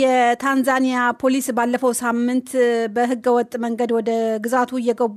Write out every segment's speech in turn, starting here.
የታንዛኒያ ፖሊስ ባለፈው ሳምንት በህገወጥ መንገድ ወደ ግዛቱ እየገቡ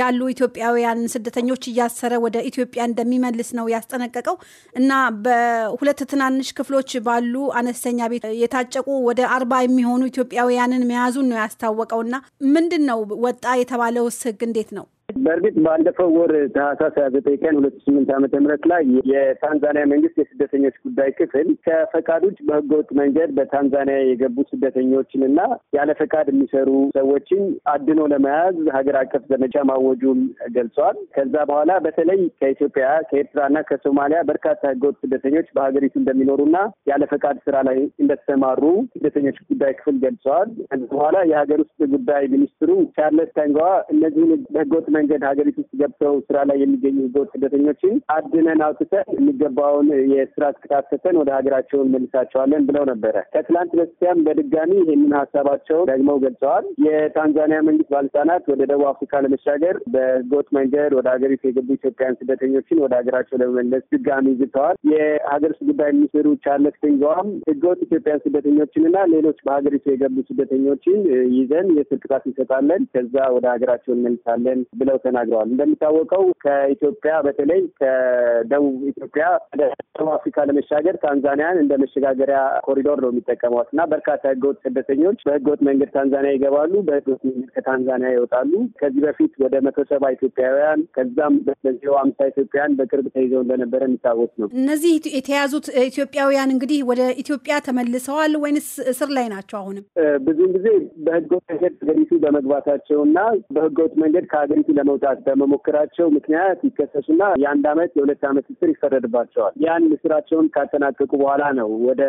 ያሉ ኢትዮጵያውያን ስደተኞች እያሰረ ወደ ኢትዮጵያ እንደሚመልስ ነው ያስጠነቀቀው እና በሁለት ትናንሽ ክፍሎች ባሉ አነስተኛ ቤት የታጨቁ ወደ አርባ የሚሆኑ ኢትዮጵያውያንን መያዙን ነው ያስታወቀው። እና ምንድን ነው ወጣ የተባለውስ ህግ እንዴት ነው? በእርግጥ ባለፈው ወር ታህሳስ ሀያ ዘጠኝ ቀን ሁለት ስምንት ዓመተ ምህረት ላይ የታንዛኒያ መንግስት የስደተኞች ጉዳይ ክፍል ከፈቃድ ውጭ በህገወጥ መንገድ በታንዛኒያ የገቡ ስደተኞችን እና ያለ ፈቃድ የሚሰሩ ሰዎችን አድኖ ለመያዝ ሀገር አቀፍ ዘመቻ ማወጁን ገልጿል። ከዛ በኋላ በተለይ ከኢትዮጵያ፣ ከኤርትራና ከሶማሊያ በርካታ ህገወጥ ስደተኞች በሀገሪቱ እንደሚኖሩና ያለ ፈቃድ ስራ ላይ እንደተሰማሩ ስደተኞች ጉዳይ ክፍል ገልጸዋል። ከዚ በኋላ የሀገር ውስጥ ጉዳይ ሚኒስትሩ ቻርለስ ታንጓዋ እነዚህን በህገወጥ መንገድ ወደ ሀገሪቱ ውስጥ ገብተው ስራ ላይ የሚገኙ ህገወጥ ስደተኞችን አድነን አውጥተን የሚገባውን የስራ ቅጣት ወደ ሀገራቸውን መልሳቸዋለን ብለው ነበረ። ከትላንት በስቲያም በድጋሚ ይህንን ሀሳባቸው ደግመው ገልጸዋል። የታንዛኒያ መንግስት ባለስልጣናት ወደ ደቡብ አፍሪካ ለመሻገር በህገወጥ መንገድ ወደ ሀገሪቱ የገቡ ኢትዮጵያውያን ስደተኞችን ወደ ሀገራቸው ለመመለስ ድጋሚ ዝተዋል። የሀገር ውስጥ ጉዳይ ሚኒስትሩ ቻርለስ ኪንግዋም ህገወጥ ኢትዮጵያውያን ስደተኞችንና ሌሎች በሀገሪቱ የገቡ ስደተኞችን ይዘን የስር ቅጣት እንሰጣለን፣ ከዛ ወደ ሀገራቸው እንመልሳለን ብለው ተናግረዋል። እንደሚታወቀው ከኢትዮጵያ በተለይ ከደቡብ ኢትዮጵያ ወደ ደቡብ አፍሪካ ለመሻገር ታንዛኒያን እንደ መሸጋገሪያ ኮሪዶር ነው የሚጠቀሟት እና በርካታ ህገወጥ ስደተኞች በህገወጥ መንገድ ታንዛኒያ ይገባሉ፣ በህገወጥ መንገድ ከታንዛኒያ ይወጣሉ። ከዚህ በፊት ወደ መቶ ሰባ ኢትዮጵያውያን ከዛም በዚው አምሳ ኢትዮጵያውያን በቅርብ ተይዘው እንደነበረ የሚታወቅ ነው። እነዚህ የተያዙት ኢትዮጵያውያን እንግዲህ ወደ ኢትዮጵያ ተመልሰዋል ወይንስ እስር ላይ ናቸው? አሁንም ብዙውን ጊዜ በህገወጥ መንገድ ሀገሪቱ በመግባታቸው እና በህገወጥ መንገድ ከሀገሪቱ ለመ ለመውጣት በመሞከራቸው ምክንያት ይከሰሱና የአንድ አመት የሁለት አመት እስር ይፈረድባቸዋል። ያን ስራቸውን ካጠናቀቁ በኋላ ነው ወደ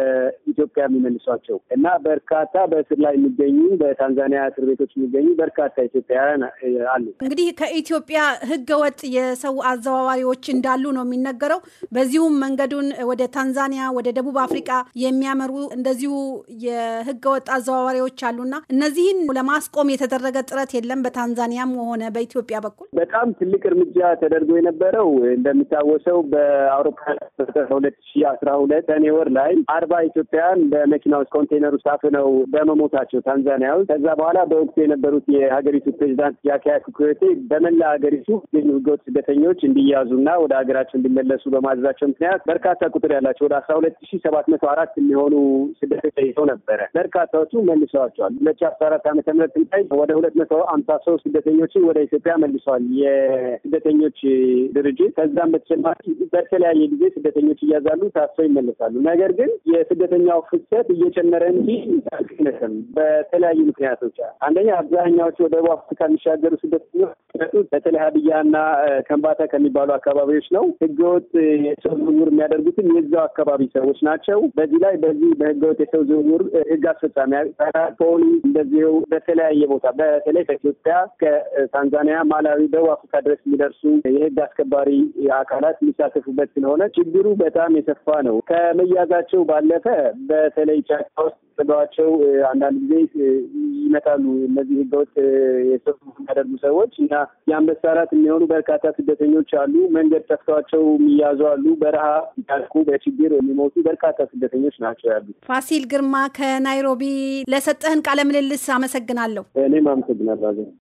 ኢትዮጵያ የሚመልሷቸው እና በርካታ በእስር ላይ የሚገኙ በታንዛኒያ እስር ቤቶች የሚገኙ በርካታ ኢትዮጵያውያን አሉ። እንግዲህ ከኢትዮጵያ ህገወጥ የሰው አዘዋዋሪዎች እንዳሉ ነው የሚነገረው። በዚሁም መንገዱን ወደ ታንዛኒያ፣ ወደ ደቡብ አፍሪቃ የሚያመሩ እንደዚሁ የህገወጥ አዘዋዋሪዎች አሉና እነዚህን ለማስቆም የተደረገ ጥረት የለም በታንዛኒያም ሆነ በኢትዮጵያ በ በኩል በጣም ትልቅ እርምጃ ተደርጎ የነበረው እንደሚታወሰው በአውሮፓ ሁለት ሺ አስራ ሁለት ሰኔ ወር ላይ አርባ ኢትዮጵያን በመኪና ውስጥ ኮንቴነር ውስጥ አፍነው በመሞታቸው ታንዛኒያ ውስጥ ከዛ በኋላ በወቅቱ የነበሩት የሀገሪቱ ፕሬዚዳንት ጃካያ ክኩዌቴ በመላ ሀገሪቱ ግን ህገወጥ ስደተኞች እንዲያዙና ወደ ሀገራቸው እንዲመለሱ በማዘዛቸው ምክንያት በርካታ ቁጥር ያላቸው ወደ አስራ ሁለት ሺ ሰባት መቶ አራት የሚሆኑ ስደተኞች ተይዘው ነበረ። በርካታዎቹ መልሰዋቸዋል። ሁለት ሺ አስራ አራት ዓመተ ምህረት ላይ ወደ ሁለት መቶ አምሳ ሶስት ስደተኞችን ወደ ኢትዮጵያ መልሰ አድርሷል የስደተኞች ድርጅት። ከዛም በተጨማሪ በተለያየ ጊዜ ስደተኞች እያዛሉ ታስረው ይመለሳሉ። ነገር ግን የስደተኛው ፍሰት እየጨመረ እንጂ አይቀንስም። በተለያዩ ምክንያቶች አንደኛ አብዛኛዎቹ ወደ ደቡብ አፍሪካ የሚሻገሩ ስደተኞች በተለይ ሀዲያና ከምባታ ከሚባሉ አካባቢዎች ነው። ህገወጥ የሰው ዝውውር የሚያደርጉትም የዛው አካባቢ ሰዎች ናቸው። በዚህ ላይ በዚህ በህገወጥ የሰው ዝውውር ህግ አስፈጻሚ ፖሊስ እንደዚሁ በተለያየ ቦታ በተለይ ከኢትዮጵያ ከታንዛኒያ፣ ማላ ማዕከላዊ ደቡብ አፍሪካ ድረስ የሚደርሱ የህግ አስከባሪ አካላት የሚሳተፉበት ስለሆነ ችግሩ በጣም የሰፋ ነው። ከመያዛቸው ባለፈ በተለይ ጫካ ውስጥ ጥሏቸው አንዳንድ ጊዜ ይመጣሉ እነዚህ ህገወጥ የሰው የሚያደርጉ ሰዎች እና የአንበሳራት የሚሆኑ በርካታ ስደተኞች አሉ። መንገድ ጠፍተዋቸው የሚያዙ አሉ። በረሃ ያልኩ በችግር የሚሞቱ በርካታ ስደተኞች ናቸው ያሉ። ፋሲል ግርማ ከናይሮቢ ለሰጠህን ቃለ ምልልስ አመሰግናለሁ። እኔም አመሰግናለሁ።